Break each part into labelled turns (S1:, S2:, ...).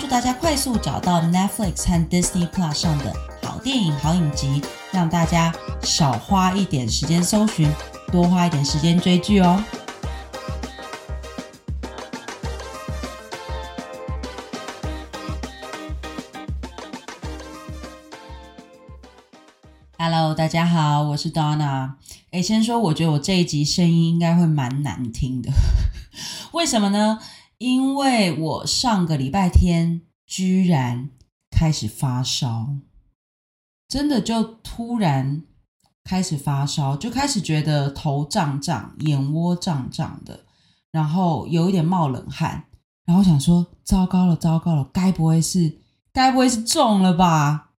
S1: 祝大家快速找到 Netflix 和 Disney Plus 上的好電影、好影集，讓大家少花一點時間搜尋，多花一點時間追劇哦！Hello，大家好，我是 Dona。哎，先說，我覺得我這一集聲音應該會蠻難聽的， 為什麼呢？因為我上個禮拜天居然開始發燒，真的就突然開始發燒，就開始覺得頭脹脹、眼窩脹脹的，然後有一點冒冷汗，然後想說：糟糕了，糟糕了，該不會是該不會是中了吧？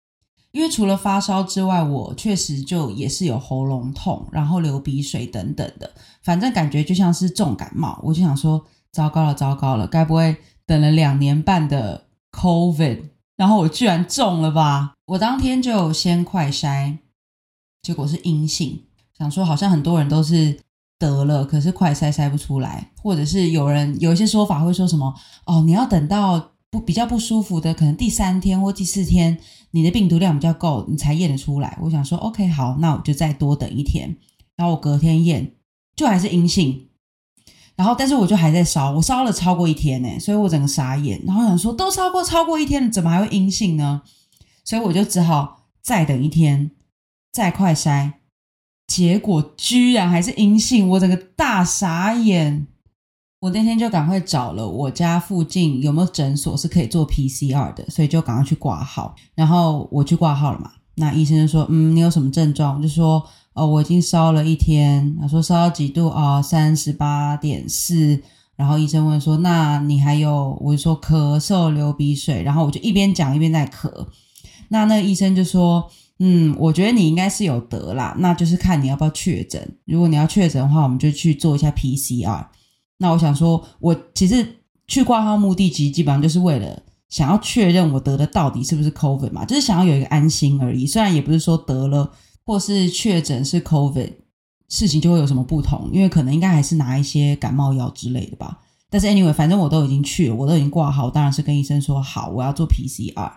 S1: 因為除了發燒之外，我確實就也是有喉嚨痛，然後流鼻水等等的，反正感覺就像是重感冒，我就想說。糟糕了，糟糕了！該不會等了兩年半的 COVID，然後我居然中了吧？我當天就先快篩，結果是陰性。想說好像很多人都是得了，可是快篩篩不出來，或者是有人有一些說法會說什麼哦，你要等到不比較不舒服的，可能第三天或第四天你的病毒量比較夠，你才驗得出來。我想說 OK 好，那我就再多等一天，然後我隔天驗，就還是陰性。然後，但是我就還在燒，我燒了超過一天呢，所以我整個傻眼。然後想說，都燒過超過一天了，怎麼還會陰性呢？所以我就只好再等一天，再快篩，結果居然還是陰性，我整個大傻眼。我那天就趕快找了我家附近有沒有診所是可以做 PCR 的，所以就趕快去掛號。然後我去掛號了嘛，那醫生就說，嗯，你有什麼症狀？我就說。哦，我已經燒了一天。他說燒到幾度？哦，三十八點四。然後醫生問說：“那你還有？”我就說：“咳嗽、流鼻水。”然後我就一邊講一邊在咳。那那個醫生就說：“嗯，我覺得你應該是有得啦。那就是看你要不要確診。如果你要確診的話，我們就去做一下 PCR。”那我想說，我其實去掛號目的，其實基本上就是為了想要確認我得的到底是不是 COVID 嘛，就是想要有一個安心而已。雖然也不是說得了。或是確診是 COVID，事情就會有什麼不同？因為可能應該還是拿一些感冒藥之類的吧。但是 anyway，反正我都已經去了，我都已經掛號，當然是跟醫生說好，我要做 PCR。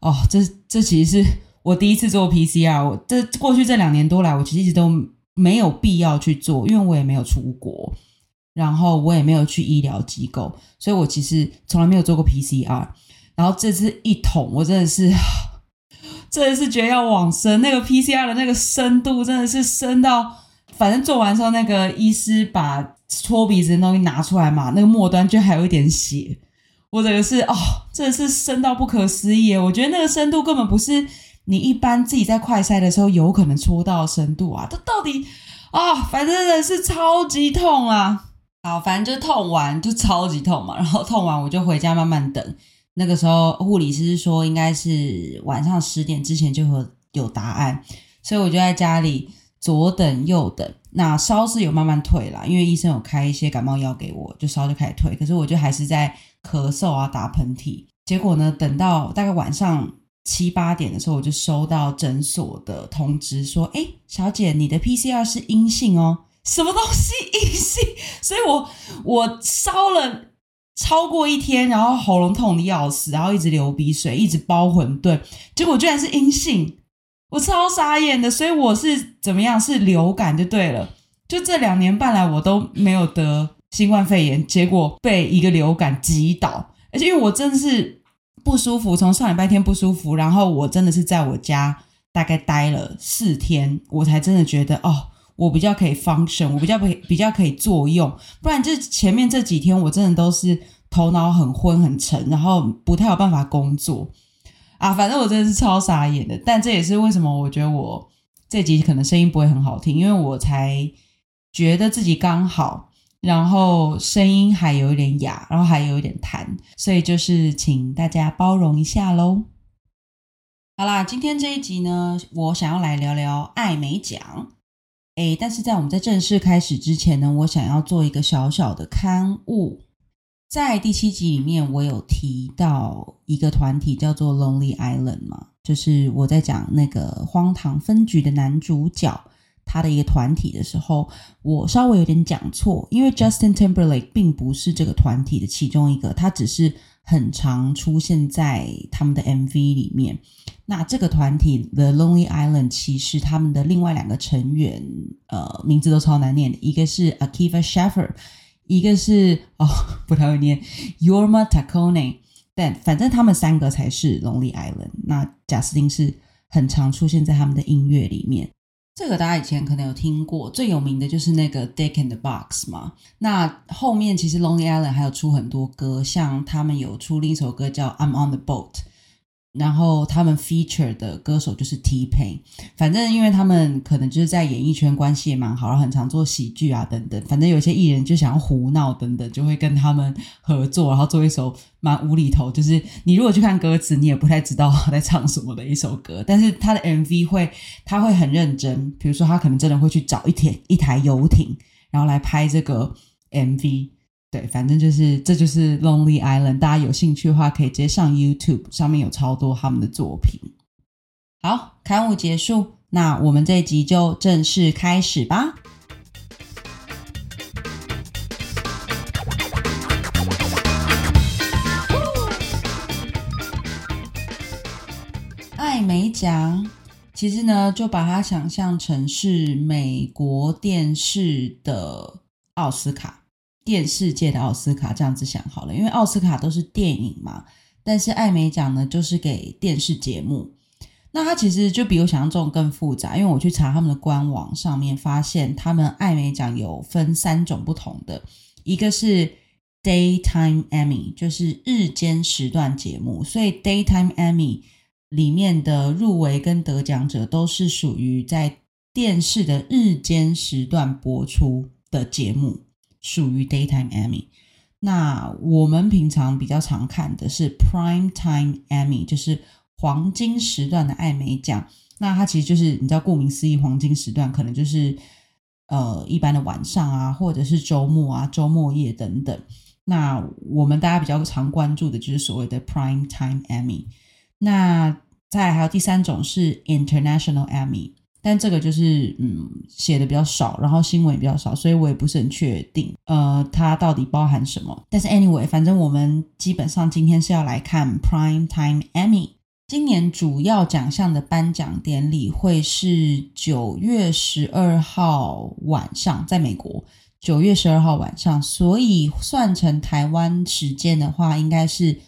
S1: 哦，這這其實是我第一次做 PCR。這過去這兩年多來，我其實一直都沒有必要去做，因為我也沒有出國，然後我也沒有去醫療機構，所以我其實從來沒有做過 PCR。然後這次一捅，我真的是。真的是覺得要往生，那個 PCR 的那個深度真的是深到，反正做完之後那個醫師把戳鼻子的東西拿出來嘛，那個末端就還有一點血，我這個是哦，真的是深到不可思議。我覺得那個深度根本不是你一般自己在快篩的時候有可能戳到的深度啊，它到底啊，哦，反正真的是超級痛啊！好，反正就痛完就超級痛嘛，然後痛完我就回家慢慢等。那個時候，護理師說應該是晚上十點之前就有有答案，所以我就在家裡左等右等。那燒是有慢慢退啦，因為醫生有開一些感冒藥給我，就燒就開始退。可是我就還是在咳嗽啊，打噴嚏。結果呢，等到大概晚上七八點的時候，我就收到診所的通知說：“哎、欸，小姐，你的 PCR 是陰性哦，什麼東西陰性？”所以我我燒了超過一天，然後喉嚨痛得要死，然後一直流鼻水，一直包餛飩，結果居然是陰性，我超傻眼的。所以我是怎麼樣？是流感就對了。就這兩年半來，我都沒有得新冠肺炎，結果被一個流感擊倒。而且因為我真的是不舒服，從上禮拜天不舒服，然後我真的是在我家大概待了四天，我才真的覺得哦。我比較可以 function，我比較比比較可以作用，不然這前面這幾天我真的都是頭腦很昏很沉，然後不太有辦法工作啊，反正我真的是超傻眼的。但這也是為什麼我覺得我這集可能聲音不會很好聽，因為我才覺得自己剛好，然後聲音還有點啞，然後還有點痰，所以就是請大家包容一下嘍。好啦，今天這一集呢，我想要來聊聊艾美獎。誒，但是在我們在正式開始之前呢，我想要做一個小小的勘誤。在第七集裡面，我有提到一個團體叫做 Lonely Island 嘛，就是我在講那個荒唐分局的男主角。他的一個團體的時候，我稍微有點講錯，因為 Justin Timberlake 並不是這個團體的其中一個，他只是很常出現在他們的 MV 裡面。那這個團體 The Lonely Island 其實他們的另外兩個成員，呃，名字都超難念的，一個是 Akiva Schaffer，一個是，哦，不太會念 Yorma Taccone，但反正他們三個才是 Lonely Island。那賈斯汀是很常出現在他們的音樂裡面。這個大家以前可能有聽過，最有名的就是那個 Dick in the Box 嘛。那後面其實 Lonely Island 還有出很多歌，像他們有出另一首歌叫 I'm on the Boat。然後他們 feature 的歌手就是 T-Pain，反正因為他們可能就是在演藝圈關係也蠻好，然後很常做喜劇啊等等。反正有些藝人就想要胡鬧等等，就會跟他們合作，然後做一首蠻無厘頭，就是你如果去看歌詞，你也不太知道他在唱什麼的一首歌。但是他的 MV 會，他會很認真，比如說他可能真的會去找一天一台遊艇，然後來拍這個 MV。對，反正就是這就是 Lonely Island，大家有興趣的話可以直接上 YouTube，上面有超多他們的作品。好，勘誤結束，那我們這集就正式開始吧。艾美獎其實呢，就把它想象成是美國電視的奧斯卡。電視界的奧斯卡這樣子想好了，因為奧斯卡都是電影嘛，但是艾美獎呢，就是給電視節目。那它其實就比我想象中更複雜，因為我去查他們的官網上面，發現他們艾美獎有分三種不同的，一個是 Daytime Emmy，就是日間時段節目，所以 Daytime Emmy 裡面的入圍跟得獎者都是屬於在電視的日間時段播出的節目。屬於 Daytime Emmy，那我們平常比較常看的是 Prime Time Emmy，就是黃金時段的艾美獎。那它其實就是你知道，顧名思義，黃金時段可能就是呃一般的晚上啊，或者是週末啊、週末夜等等。那我們大家比較常關注的就是所謂的 Prime Time Emmy。那再來還有第三種是 International Emmy。但這個就是嗯寫的比較少，然後新聞也比較少，所以我也不是很確定呃它到底包含什麼。但是 anyway，反正我們基本上今天是要來看 Prime Time Emmy 今年主要獎項的頒獎典禮，會是九月十二號晚上，在美國九月十二號晚上，所以算成台灣時間的話，應該是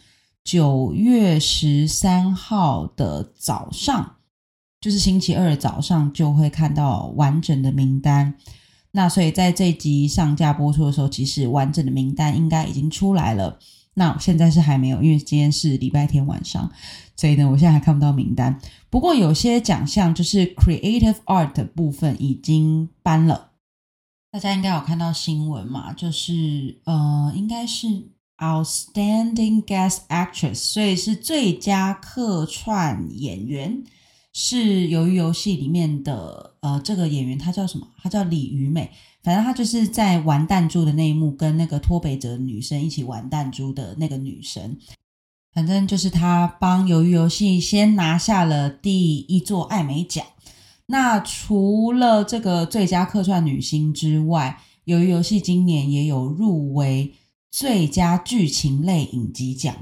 S1: 九月十三號的早上。就是星期二的早上就會看到完整的名單。那所以在這集上架播出的時候，其實完整的名單應該已經出來了。那現在是還沒有，因為今天是禮拜天晚上，所以呢，我現在還看不到名單。不過有些獎項就是 Creative Art 的部分已經頒了，大家應該有看到新聞嘛？就是呃，應該是 Outstanding Guest Actress，所以是最佳客串演員。是《魷魚遊戲》裡面的呃，這個演員她叫什麼？她叫李瑜美。反正她就是在玩彈珠的那一幕，跟那個脫北者女生一起玩彈珠的那個女生。反正就是她幫《魷魚遊戲》先拿下了第一座艾美獎。那除了這個最佳客串女星之外，《魷魚遊戲》今年也有入圍最佳劇情類影集獎。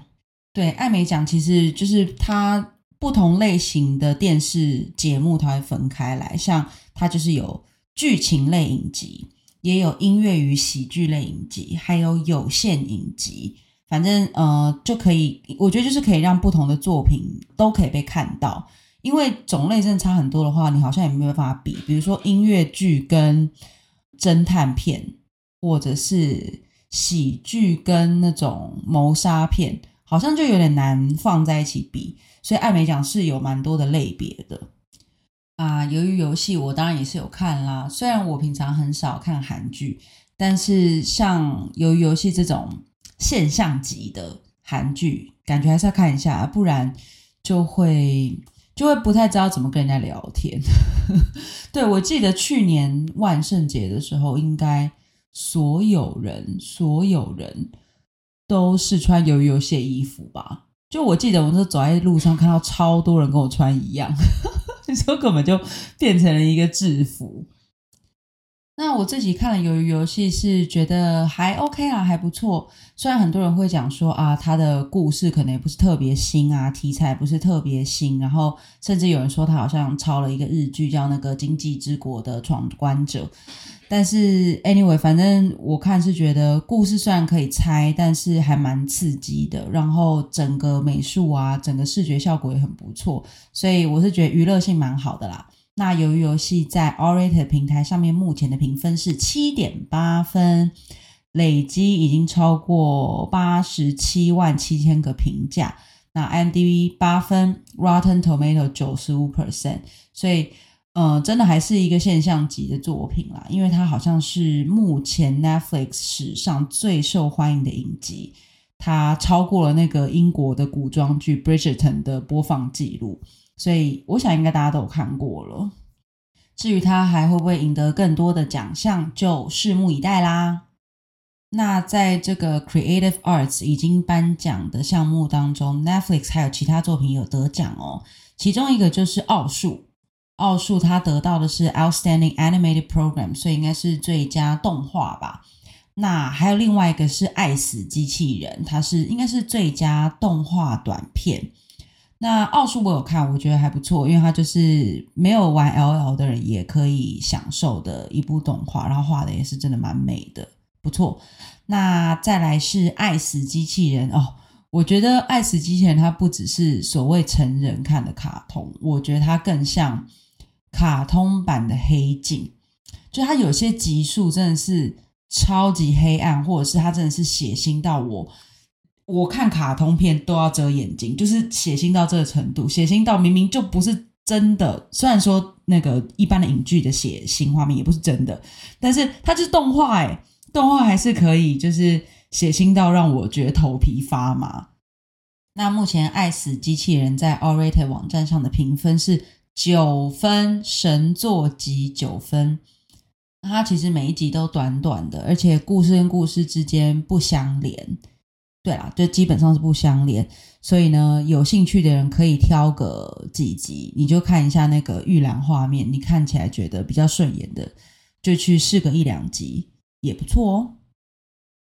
S1: 對，艾美獎其實就是她。不同類型的電視節目，它會分開來。像它就是有劇情類影集，也有音樂與喜劇類影集，還有有限影集。反正呃，就可以，我覺得就是可以讓不同的作品都可以被看到。因為種類真的差很多的話，你好像也沒有辦法比。比如說音樂劇跟偵探片，或者是喜劇跟那種謀殺片。好像就有點難放在一起比，所以艾美獎是有蠻多的類別的。啊，魷魚遊戲我當然也是有看啦，雖然我平常很少看韓劇，但是像魷魚遊戲這種現象級的韓劇，感覺還是要看一下，不然就會就會不太知道怎麼跟人家聊天。 對，我記得去年萬聖節的時候，應該所有人所有人。都是穿《魷魚遊戲》的衣服吧？就我記得，我是走在路上看到超多人跟我穿一樣，你說根本就變成了一個制服。那我自己看了《魷魚遊戲》，是覺得還 OK 啦，還不錯。雖然很多人會講說啊，他的故事可能也不是特別新啊，題材也不是特別新，然後甚至有人說他好像抄了一個日劇叫《那個今際之國》的闖關者。但是，anyway，反正我看是覺得故事雖然可以猜，但是還蠻刺激的。然後整個美術啊，整個視覺效果也很不錯，所以我是覺得娛樂性蠻好的啦。那魷魚遊戲在 awwrated 平台上面目前的評分是七點八分，累積已經超過八十七萬七千個評價。那 IMDb 八分，Rotten Tomato 九十五 percent，所以。嗯，真的還是一個現象級的作品啦，因為它好像是目前 Netflix 史上最受歡迎的影集，它超過了那個英國的古裝劇《Bridgerton》的播放記錄，所以我想應該大家都有看過了。至於它還會不會贏得更多的獎項，就拭目以待啦。那在這個 Creative Arts 已經頒獎的項目當中，Netflix 還有其他作品有得獎哦，其中一個就是《奧術》。奧術他得到的是 Outstanding Animated Program，所以應該是最佳動畫吧。那還有另外一個是《愛死機器人》，它是應該是最佳動畫短片。那奧術我有看，我覺得還不錯，因為它就是沒有玩 LOL 的人也可以享受的一部動畫，然後畫的也是真的蠻美的，不錯。那再來是《愛死機器人》哦，我覺得《愛死機器人》它不只是所謂成人看的卡通，我覺得它更像。卡通版的《黑鏡》，就它有些集數真的是超級黑暗，或者是它真的是血腥到我，我看卡通片都要遮眼睛，就是血腥到這個程度，血腥到明明就不是真的。雖然說那個一般的影劇的血腥畫面也不是真的，但是它就是動畫，誒，動畫還是可以，就是血腥到讓我覺得頭皮發麻。嗯、那目前《愛死機器人》在 awwrated 網站上的評分是。九分神作集，九分，它其實每一集都短短的，而且故事跟故事之間不相連。對啦，就基本上是不相連。所以呢，有興趣的人可以挑個幾集，你就看一下那個預覽畫面，你看起來覺得比較順眼的，就去試個一兩集也不錯哦。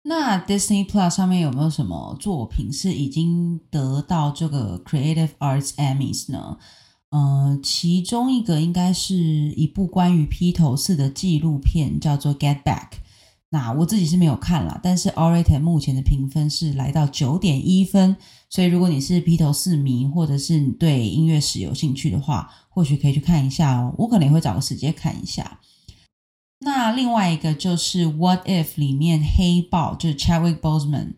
S1: 那 Disney Plus 上面有沒有什麼作品是已經得到這個 Creative Arts Emmys 呢？嗯、呃，其中一個應該是一部關於披頭四的紀錄片，叫做《Get Back》那。那我自己是沒有看啦，但是 awwrated 目前的評分是來到九點一分，所以如果你是披頭四迷，或者是你對音樂史有興趣的話，或許可以去看一下哦。我可能也會找個時間看一下。那另外一個就是《What If》裡面黑豹就是 Chadwick Boseman，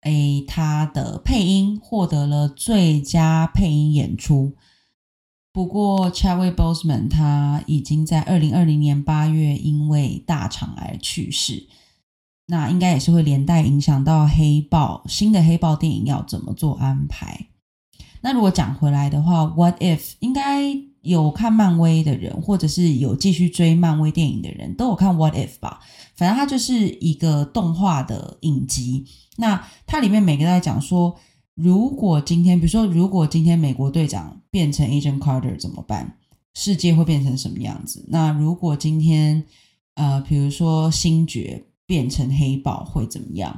S1: 誒，他的配音獲得了最佳配音演出。不過 Chadwick Boseman 他已經在二零二零年八月因為大腸癌去世，那應該也是會連帶影響到黑豹新的黑豹電影要怎麼做安排？那如果講回來的話，What If 應該有看漫威的人，或者是有繼續追漫威電影的人都有看 What If 吧？反正它就是一個動畫的影集，那它裡面每個都在講說。如果今天，比如說，如果今天美國隊長變成 Agent Carter 怎麼辦？世界會變成什麼樣子？那如果今天，呃，比如說星爵變成黑豹會怎麼樣？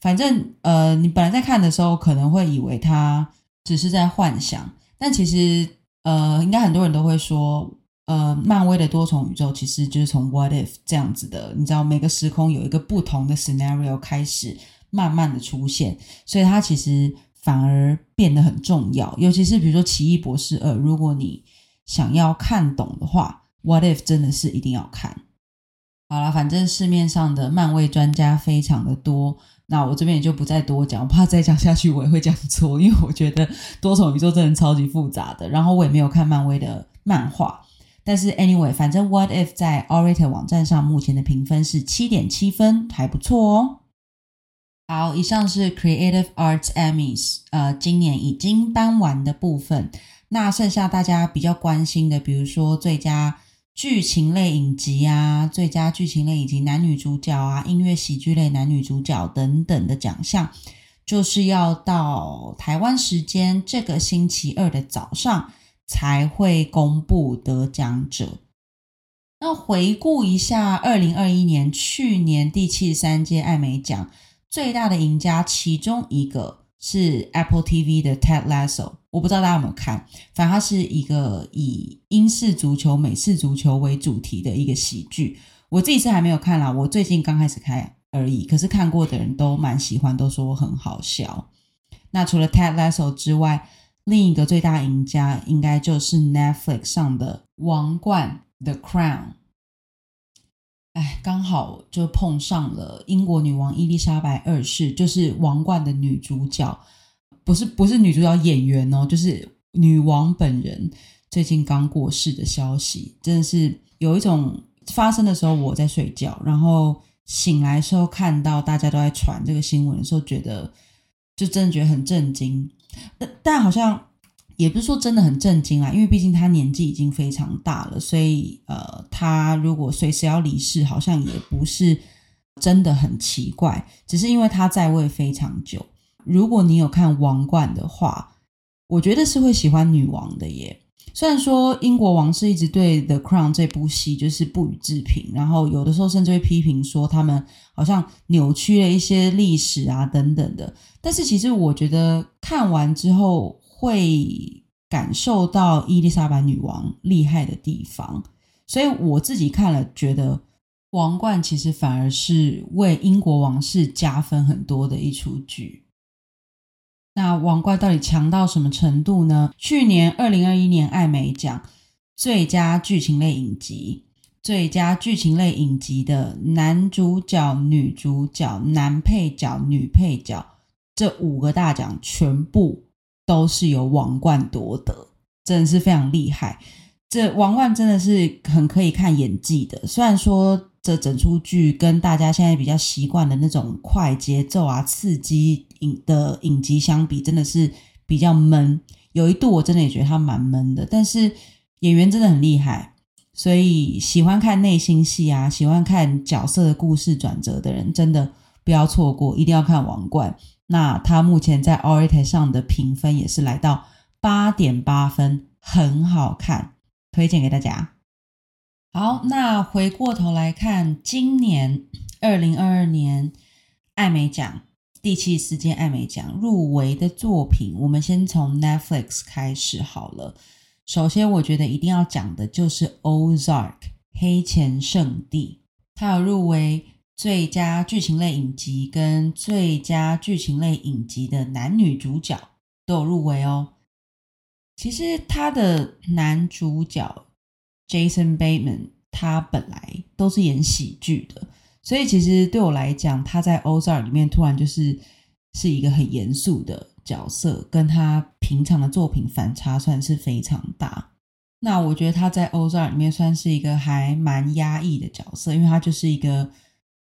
S1: 反正，呃，你本來在看的時候可能會以為他只是在幻想，但其實，呃，應該很多人都會說，呃，漫威的多重宇宙其實就是從 What If 這樣子的，你知道，每個時空有一個不同的 scenario 開始慢慢的出現，所以它其實，反而變得很重要，尤其是比如說《奇異博士二》，如果你想要看懂的話，《What If》真的是一定要看。好了，反正市面上的漫威專家非常的多，那我這邊也就不再多講，我怕再講下去我也會講錯，因為我覺得多重宇宙真的超級複雜的。然後我也沒有看漫威的漫畫，但是 anyway，反正《What If》在 awwrated 網站上目前的評分是七點七分，還不錯哦、喔。好，以上是 Creative Arts Emmys，呃，今年已經頒完的部分。那剩下大家比較關心的，比如說最佳劇情類影集啊、最佳劇情類影集男女主角啊、音樂喜劇類男女主角等等的獎項，就是要到台灣時間這個星期二的早上才會公布得獎者。那回顧一下2021，二零二一年去年第七十三屆艾美獎。最大的贏家，其中一個是 Apple TV 的 Ted Lasso，我不知道大家有沒有看，反正它是一個以英式足球、美式足球為主題的一個喜劇。我自己是還沒有看啦，我最近剛開始看而已。可是看過的人都蠻喜歡，都說我很好笑。那除了 Ted Lasso 之外，另一個最大贏家應該就是 Netflix 上的《王冠》The Crown。哎，剛好就碰上了英國女王伊麗莎白二世，就是王冠的女主角，不是，不是女主角演員哦，就是女王本人最近剛過世的消息，真的是有一種發生的時候我在睡覺，然後醒來時候看到大家都在傳這個新聞的時候，覺得就真的覺得很震驚。但，但好像。也不是說真的很震驚啊，因為畢竟他年紀已經非常大了，所以呃，他如果隨時要離世，好像也不是真的很奇怪。只是因為他在位非常久，如果你有看《王冠》的話，我覺得是會喜歡女王的耶。雖然說英國王室一直對《The Crown》這部戲就是不予置評，然後有的時候甚至會批評說他們好像扭曲了一些歷史啊等等的，但是其實我覺得看完之後，會感受到伊麗莎白女王厲害的地方，所以我自己看了，覺得《王冠》其實反而是為英國王室加分很多的一出劇。那《王冠》到底強到什麼程度呢？去年二零二一年艾美獎最佳劇情類影集、最佳劇情類影集的男主角、女主角、男配角、女配角這五個大獎全部。都是由王冠奪得，真的是非常厲害。這王冠真的是很可以看演技的。雖然說這整出劇跟大家現在比較習慣的那種快節奏啊、刺激的影集相比，真的是比較悶。有一度我真的也覺得它蠻悶的，但是演員真的很厲害，所以喜歡看內心戲啊、喜歡看角色的故事轉折的人，真的不要錯過，一定要看《王冠》。那它目前在 awwrated 上的評分也是來到八點八分，很好看，推薦給大家。好，那回過頭來看今年二零二二年艾美獎第七十四屆艾美獎入圍的作品，我們先從 Netflix 開始好了。首先，我覺得一定要講的就是《Ozark 黑錢勝地》，它有入圍。最佳劇情類影集跟最佳劇情類影集的男女主角都有入圍哦。其實他的男主角 Jason Bateman，他本來都是演喜劇的，所以其實對我來講，他在《Ozark》裡面突然就是是一個很嚴肅的角色，跟他平常的作品反差算是非常大。那我覺得他在《Ozark》裡面算是一個還蠻壓抑的角色，因為他就是一個。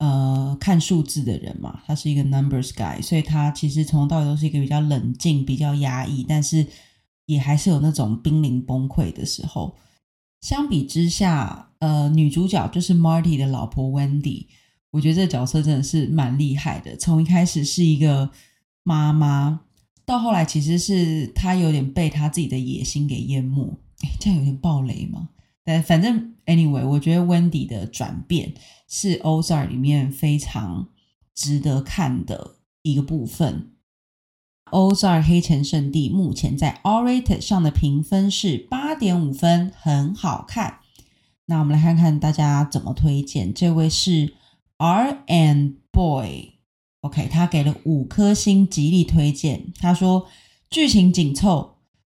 S1: 呃，看數字的人嘛，他是一個 numbers guy，所以他其實從頭到尾都是一個比較冷靜、比較壓抑，但是也還是有那種瀕臨崩潰的時候。相比之下，呃，女主角就是 Marty 的老婆 Wendy，我覺得這角色真的是蠻厲害的。從一開始是一個媽媽，到後來其實是她有點被她自己的野心給淹沒，這樣有點暴雷嘛。但反正 anyway，我覺得 Wendy 的轉變。是《Ozark》裡面非常值得看的一個部分，《Ozark 黑錢勝地》目前在 awwrated 上的評分是八點五分，很好看。那我們來看看大家怎麼推薦。這位是 R and Boy，OK，、okay, 他給了五顆星，極力推薦。他說劇情緊湊，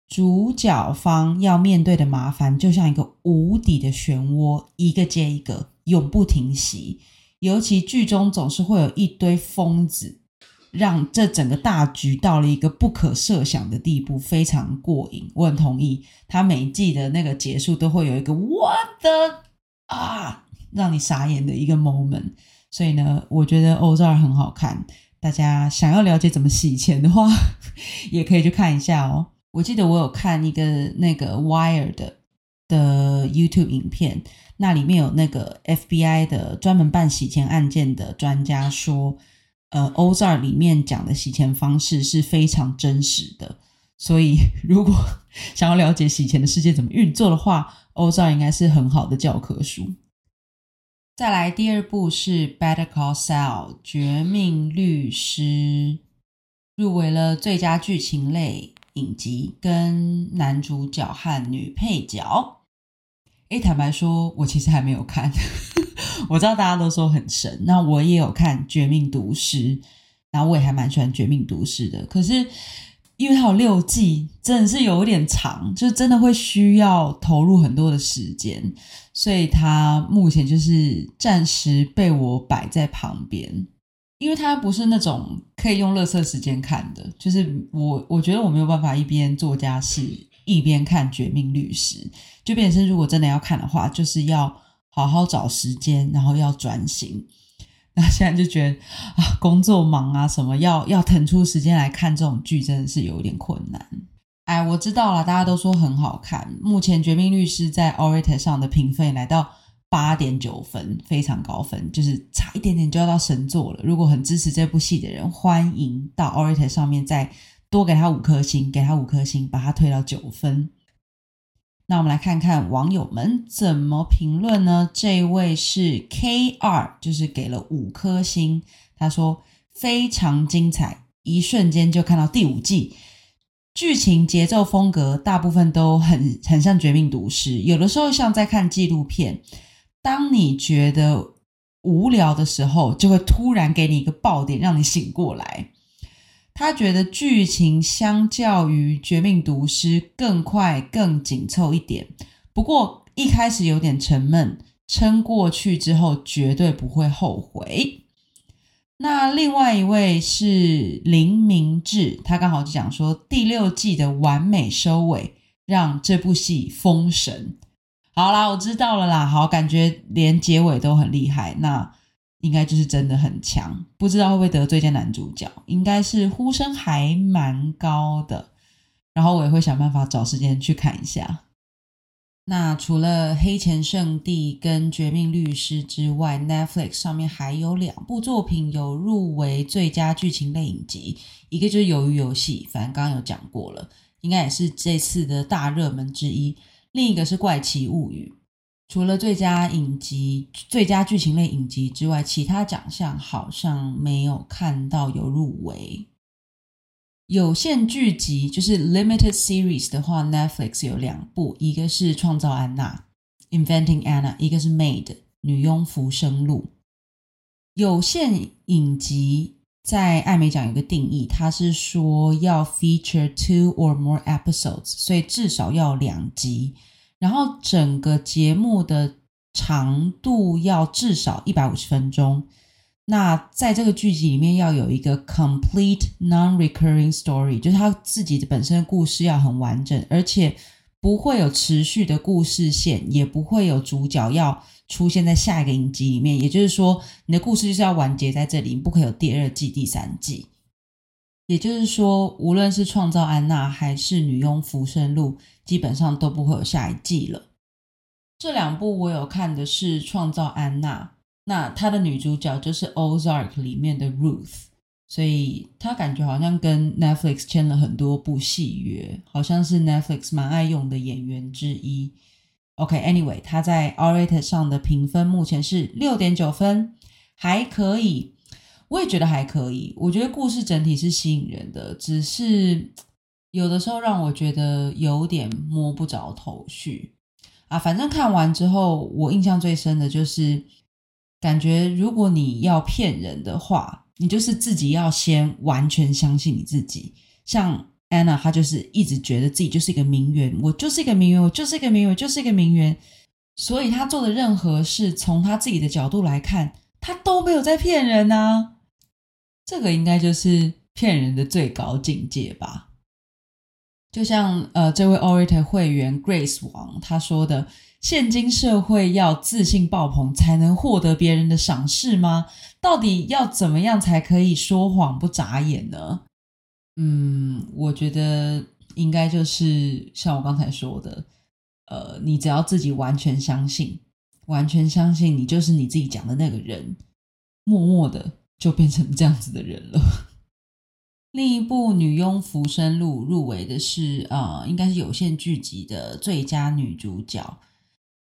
S1: 主角方要面對的麻煩就像一個無底的漩渦，一個接一個。永不停息，尤其劇中總是會有一堆瘋子，讓這整個大局到了一個不可設想的地步，非常過癮。我很同意，他每一季的那個結束都會有一個 “What the 啊”，讓你傻眼的一個 moment。所以呢，我覺得《Ozark》很好看。大家想要了解怎麼洗錢的話，也可以去看一下哦。我記得我有看一個那個 Wired 的 YouTube 影片。那裡面有那個 FBI 的專門辦洗錢案件的專家說，呃，Ozark 裡面講的洗錢方式是非常真實的，所以如果想要了解洗錢的世界怎麼運作的話，Ozark 應該是很好的教科書。再來第二部是《Better Call Saul》絕命律師，入圍了最佳劇情類影集跟男主角和女配角。坦白說，我其實還沒有看。 我知道大家都說很神，那我也有看《絕命毒師》，然後我也還蠻喜歡《絕命毒師》的。可是因為它有六季，真的是有點長，就真的會需要投入很多的時間，所以它目前就是暫時被我擺在旁邊，因為它不是那種可以用垃圾時間看的，就是我我覺得我沒有辦法一邊做家事。一邊看《絕命律師》，就變成如果真的要看的話，就是要好好找時間，然後要轉型。那現在就覺得啊，工作忙啊，什麼要要騰出時間來看這種劇，真的是有點困難。哎，我知道了，大家都說很好看。目前《絕命律師》在 awwrated 上的評分來到八點九分，非常高分，就是差一點點就要到神作了。如果很支持這部戲的人，歡迎到 awwrated 上面再。多給他五顆星，給他五顆星，把他推到九分。那我們來看看網友們怎麼評論呢？這位是 K2，就是給了五顆星，他說非常精彩，一瞬間就看到第五季，劇情節奏風格，大部分都很很像《絕命毒師》，有的時候像在看紀錄片。當你覺得無聊的時候，就會突然給你一個爆點，讓你醒過來。他覺得劇情相較於《絕命毒師》更快、更緊湊一點，不過一開始有點沉悶，撐過去之後絕對不會後悔。那另外一位是林明志，他剛好就講說第六季的完美收尾讓這部戲封神。好啦，我知道了啦，好，感覺連結尾都很厲害。那。應該就是真的很強，不知道會不會得最佳男主角，應該是呼聲還蠻高的。然後我也會想辦法找時間去看一下。那除了《黑錢勝地》跟《絕命律師》之外，Netflix 上面還有兩部作品有入圍最佳劇情類影集，一個就是《魷魚遊戲》，反正剛剛有講過了，應該也是這次的大熱門之一。另一個是《怪奇物語》。除了最佳影集、最佳劇情類影集之外，其他獎項好像沒有看到有入圍。有限劇集就是 limited series 的話，Netflix 有兩部，一個是《創造安娜》（Inventing Anna），一個是《Maid》（女傭浮生錄）。有限影集在艾美獎有個定義，它是說要 feature two or more episodes，所以至少要兩集。然後整個節目的長度要至少一百五十分鐘。那在這個劇集裡面要有一個 complete non recurring story，就是它自己本身的故事要很完整，而且不會有持續的故事線，也不會有主角要出現在下一個影集裡面。也就是說，你的故事就是要完結在這裡，不可以有第二季、第三季。也就是說，無論是創造安娜還是女傭浮生錄。基本上都不會有下一季了。這兩部我有看的是《創造安娜》，那她的女主角就是《Ozark》裡面的 Ruth，所以她感覺好像跟 Netflix 簽了很多部戲約，好像是 Netflix 蠻愛用的演員之一。OK，Anyway，okay，她在 awwrated 上的評分目前是六點九分，還可以，我也覺得還可以。我覺得故事整體是吸引人的，只是。有的時候讓我覺得有點摸不着頭緒啊，反正看完之後，我印象最深的就是，感覺如果你要騙人的話，你就是自己要先完全相信你自己。像 Anna，她就是一直覺得自己就是一個名媛，我就是一個名媛，我就是一個名媛，我就是一個名媛，我就是一個名媛，所以她做的任何事，從她自己的角度來看，她都沒有在騙人啊。這個應該就是騙人的最高境界吧。就像呃，這位 awwrated 會員 Grace 王他說的：“現今社會要自信爆棚才能獲得別人的賞識嗎？到底要怎麼樣才可以說謊不眨眼呢？”嗯，我覺得應該就是像我剛才說的，呃，你只要自己完全相信，完全相信你就是你自己講的那個人，默默的就變成這樣子的人了。另一部《女傭浮生錄》入圍的是呃，應該是有限劇集的最佳女主角。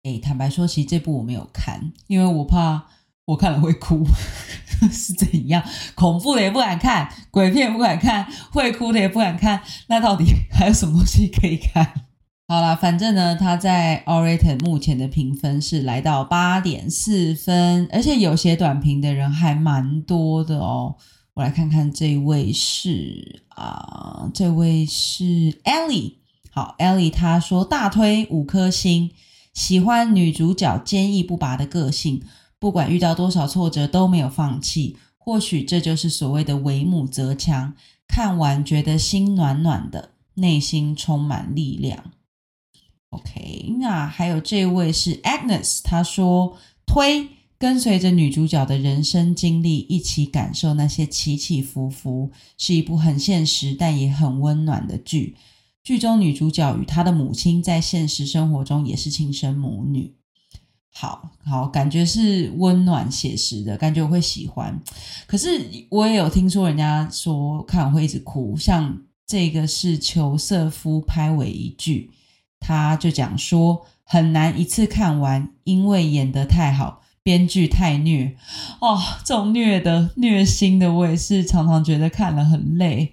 S1: 哎，坦白說，其實這部我沒有看，因為我怕我看了會哭。 是怎樣？恐怖的也不敢看，鬼片也不敢看，會哭的也不敢看。那到底還有什麼東西可以看？ 好啦，反正呢，她在 awwrated 目前的評分是來到八點四分，而且有寫短評的人還蠻多的哦。我來看看這位是啊，呃，這位是 Ellie。好，Ellie 她說大推五顆星，喜歡女主角堅毅不拔的個性，不管遇到多少挫折都沒有放棄。或許這就是所謂的為母則強。看完覺得心暖暖的，內心充滿力量。OK，那還有這位是 Agnes，她說推。跟隨着女主角的人生經歷，一起感受那些起起伏伏，是一部很現實但也很溫暖的劇。劇中女主角與她的母親在現實生活中也是親生母女。好好，感覺是溫暖寫實的感覺，我會喜歡。可是我也有聽說人家說看會一直哭。像這個是裘瑟夫拍尾一句，他就講說很難一次看完，因為演得太好。編劇太虐哦，這種虐的、虐心的，我也是常常覺得看了很累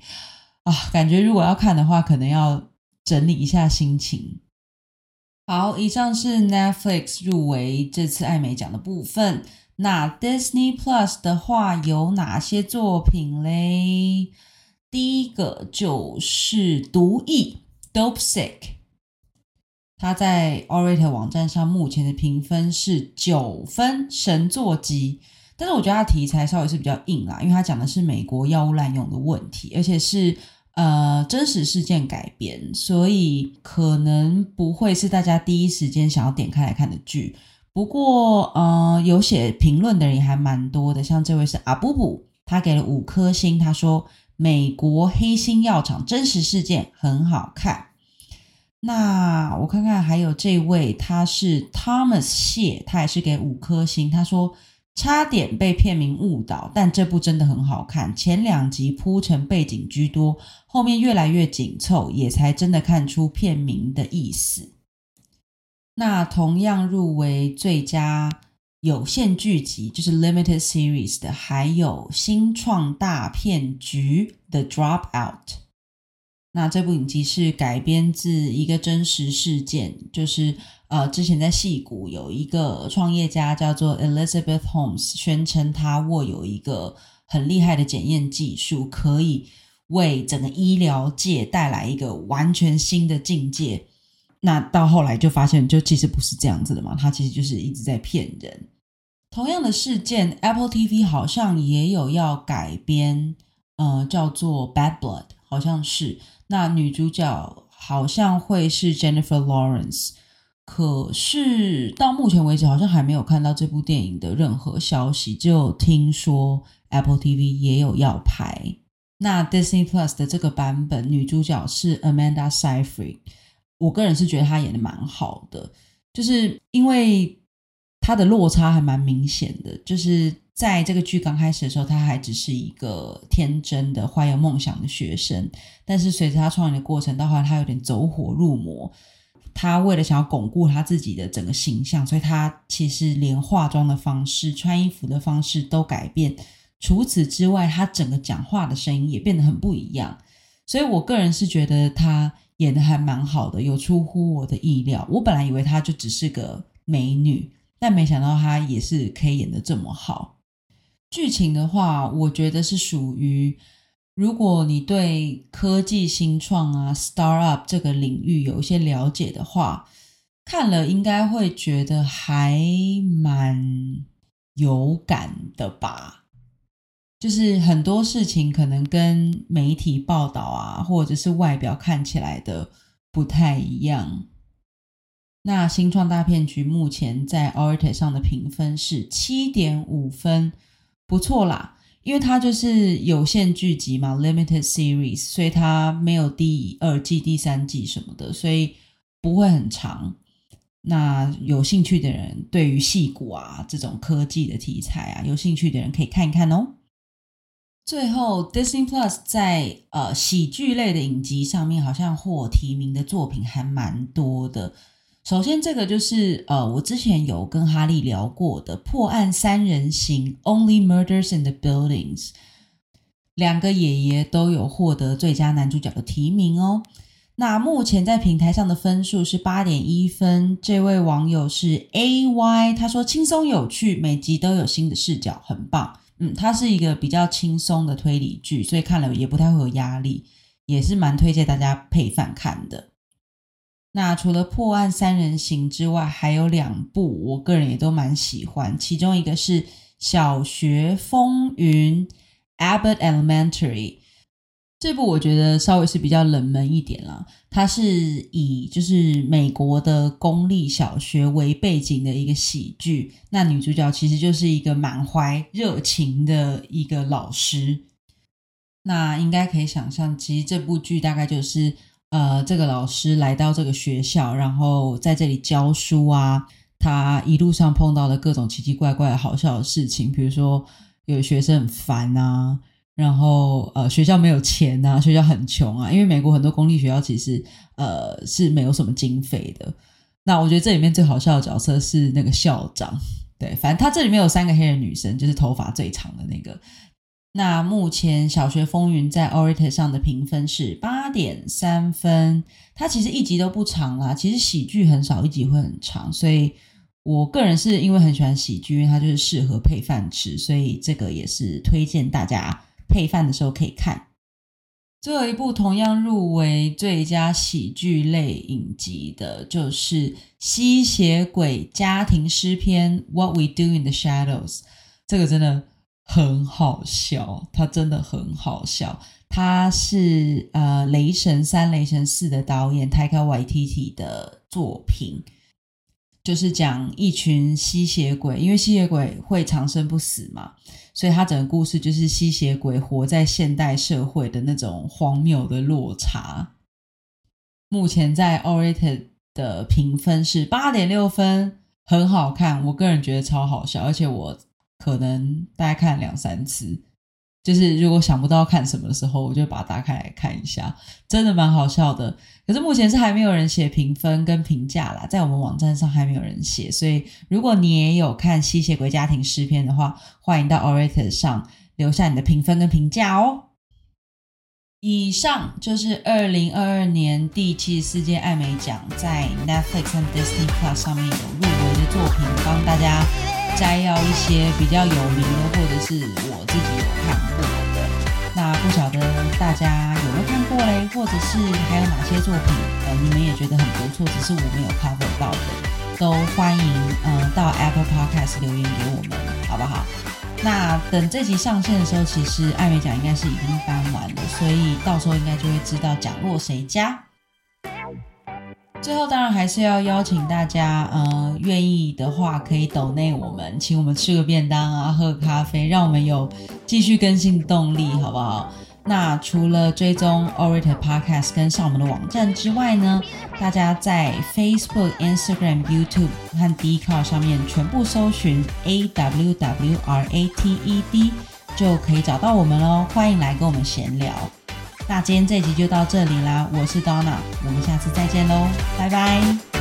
S1: 啊。感覺如果要看的話，可能要整理一下心情。好，以上是 Netflix 入圍這次艾美獎的部分。那 Disney Plus 的話有哪些作品嘞？第一個就是《毒疫》Dopesick 他在 awwrated 網站上目前的評分是九分神作級，但是我覺得他題材稍微是比較硬啦，因為他講的是美國藥物濫用的問題，而且是呃真實事件改編，所以可能不會是大家第一時間想要點開來看的劇。不過呃有寫評論的人也還蠻多的，像這位是阿布布，他給了五顆星，他說美國黑心藥廠真實事件很好看。那我看看，還有這位，他是 Thomas 謝，他也是給五顆星。他說差點被片名誤導，但這部真的很好看。前兩集鋪陳背景居多，後面越來越緊湊，也才真的看出片名的意思。那同樣入圍最佳有限劇集就是 Limited Series 的，還有新創大騙局《The Dropout》。那這部影集是改編自一個真實事件，就是呃，之前在矽谷有一個創業家叫做 Elizabeth Holmes，宣稱他握有一個很厲害的檢驗技術，可以為整個醫療界帶來一個完全新的境界。那到後來就發現，就其實不是這樣子的嘛，他其實就是一直在騙人。同樣的事件，Apple TV 好像也有要改編，呃叫做 Bad Blood。好像是，那女主角好像會是 Jennifer Lawrence，可是到目前為止好像還沒有看到這部電影的任何消息，只有聽說 Apple TV 也有要拍。那 Disney Plus 的這個版本女主角是 Amanda Seyfried，我個人是覺得她演的蠻好的，就是因為她的落差還蠻明顯的，就是。在這個劇剛開始的時候，她還只是一個天真的、懷有夢想的學生。但是隨着她創業的過程，到後來她有點走火入魔。她為了想要鞏固她自己的整個形象，所以她其實連化妝的方式、穿衣服的方式都改變。除此之外，她整個講話的聲音也變得很不一樣。所以我個人是覺得她演得還蠻好的，有出乎我的意料。我本來以為她就只是個美女，但沒想到她也是可以演得這麼好。劇情的話，我覺得是屬於如果你對科技新創啊、startup 這個領域有一些了解的話，看了應該會覺得還蠻有感的吧。就是很多事情可能跟媒體報道啊，或者是外表看起來的不太一樣。那《新創大騙局》目前在 awwrated 上的評分是七點五分。不錯啦，因為它就是有限劇集嘛 （limited series），所以它沒有第二季、第三季什麼的，所以不會很長。那有興趣的人，對於戲骨啊這種科技的題材啊，有興趣的人可以看一看哦。最後，Disney Plus 在呃喜劇類的影集上面，好像獲提名的作品還蠻多的。首先，這個就是呃，我之前有跟哈利聊過的《破案三人行》（Only Murders in the Buildings），兩個爺爺都有獲得最佳男主角的提名哦。那目前在平台上的分數是八點一分。這位網友是 AY，他說：“輕鬆有趣，每集都有新的視角，很棒。”嗯，他是一個比較輕鬆的推理劇，所以看了也不太會有壓力，也是蠻推薦大家配飯看的。那除了《破案三人行》之外，還有兩部我個人也都蠻喜歡。其中一個是《小學風雲》（Abbott Elementary），這部我覺得稍微是比較冷門一點啦，它是以就是美國的公立小學為背景的一個喜劇。那女主角其實就是一個滿懷熱情的一個老師。那應該可以想象，其實這部劇大概就是。呃，這個老師來到這個學校，然後在這裡教書啊。他一路上碰到了各種奇奇怪怪的好笑的事情，比如說有學生很煩啊，然後呃，學校沒有錢啊，學校很窮啊。因為美國很多公立學校其實呃是沒有什麼經費的。那我覺得這裡面最好笑的角色是那個校長。對，反正他這裡面有三個黑人女生，就是頭髮最長的那個。那目前《小學風雲》在 awwrated 上的評分是八點三分，它其實一集都不長啦。其實喜劇很少一集會很長，所以我個人是因為很喜歡喜劇，因為它就是適合配飯吃，所以這個也是推薦大家配飯的時候可以看。最後一部同樣入圍最佳喜劇類影集的，就是《吸血鬼家庭屍篇》《What We Do in the Shadows》，這個真的。很好笑，他真的很好笑。他是呃《雷神三》、《雷神四》的導演，泰卡 Waititi 的作品，就是講一群吸血鬼。因為吸血鬼會長生不死嘛，所以他整個故事就是吸血鬼活在現代社會的那種荒謬的落差。目前在 awwrated 的評分是八點六分，很好看。我個人覺得超好笑，而且我。可能大概看兩三次，就是如果想不到看什麼的時候，我就把它打開來看一下，真的蠻好笑的。可是目前是還沒有人寫評分跟評價啦，在我們網站上還沒有人寫，所以如果你也有看《吸血鬼家庭屍篇》的話，歡迎到 awwrated 上留下你的評分跟評價哦。以上就是二零二二年第七十四屆艾美獎在 Netflix 和 Disney Plus 上面有入圍的作品，幫大家，該要一些比較有名的，或者是我自己有看過的。的那不曉得大家有沒有看過嘞？或者是還有哪些作品，呃，你們也覺得很不錯，只是我沒有 cover 到的，都歡迎嗯、呃、到 Apple Podcast 留言給我們，好不好？那等這集上線的時候，其實艾美獎應該是已經頒完了，所以到時候應該就會知道獎落誰家。最後，當然還是要邀請大家，呃，願意的話可以抖內我們，請我們吃個便當啊，喝個咖啡，讓我們有繼續更新的動力，好不好？那除了追蹤 awwrated Podcast 跟上我們的網站之外呢，大家在 Facebook、Instagram、YouTube 和 Dcard 上面全部搜尋 A W W R A T E D 就可以找到我們嘍，歡迎來跟我們閒聊。那今天這集就到這裡啦，我是 Dona，我們下次再見嘍，拜拜。